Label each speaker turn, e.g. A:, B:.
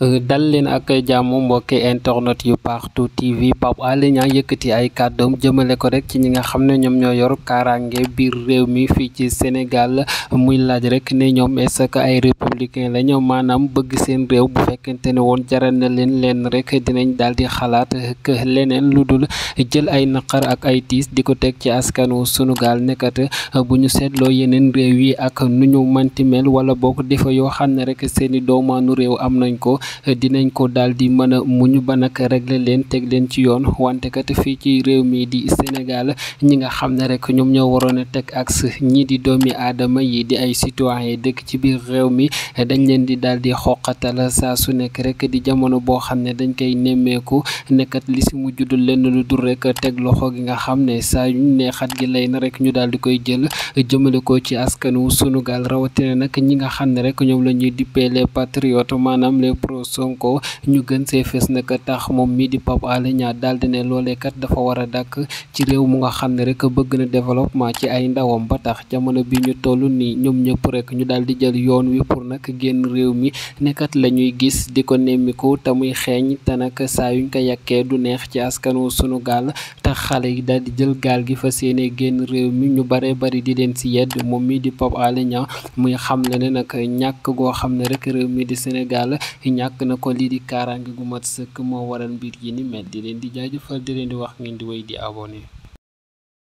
A: Euh, dal leen ak jàmm mbokki internet yu partout TV Pape Alé Niang yëkkati ay kàddoom jëmale ko rek ci ñi nga xam ne ñoom ñoo yor kaaraange biir réew mi fii ci Sénégal muy laaj rek ne ñoom est ay républicain la ñoom maanaam bëgg seen réew bu fekkente ne woon jaral na leen leen rek dinañ daal di xalaat que leneen lu dul jël ay naqar ak ay tiis di ko teg ci askanu Sunugaal nekkat bu ñu seetloo yeneen réew yi ak nu ñu manti mel wala bokk defa yoo xam ne rek seeni doomaanu réew am nañ ko dinañ ko daal di mën a muñ ba nag régler leen teg leen ci yoon wante kat fii ci réew mi di Sénégal ñi nga xam ne rek ñoom ñoo waroon a teg axe ñii di doomi aadama yi di ay citoyen dëkk ci biir réew mi dañ leen di daal di xoqatal saa su nekk rek di jamono boo xam ne dañ koy nemmeeku nekkat li si mu juddul lenn lu dul rek teg loxo gi nga xam ne saa yu gi lay na rek ñu daal di koy jël Ousmane Sonko ñu gën see fës nag tax moom mii di Pape Alé daldi ne loolee kat dafa war a dàkk ci réew mu nga xam ne rek bëgg na développement ci ay ndawam ba tax jamono bi ñu toll nii ñoom ñëpp rekk ñu daal di jël yoon wi pour nag génn réew mi nekkat la ñuy gis di ko nemmiku te muy xeeñ te nag saa yuñ ko yàkkee du neex ci askanu sunu gaal tax xale yi daal di jël gaal gi fa yéene génn réew mi ñu bare bari di leen si yedd moom mii di Pape Alé Niang muy xam ne nag xam ñàkk na ko lii di kaaraange gu mat sëkk moo waral mbir yi ni mel di leen di jaajëfal di leen di wax ngeen di wéy di abonné